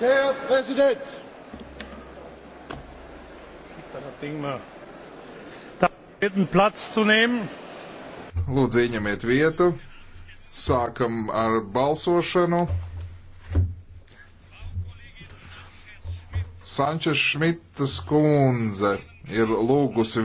Herr Präsident! Lūdzu, ieņemiet vietu. Sākam ar balsošanu. Sančes Šmitas kundze ir lūgusi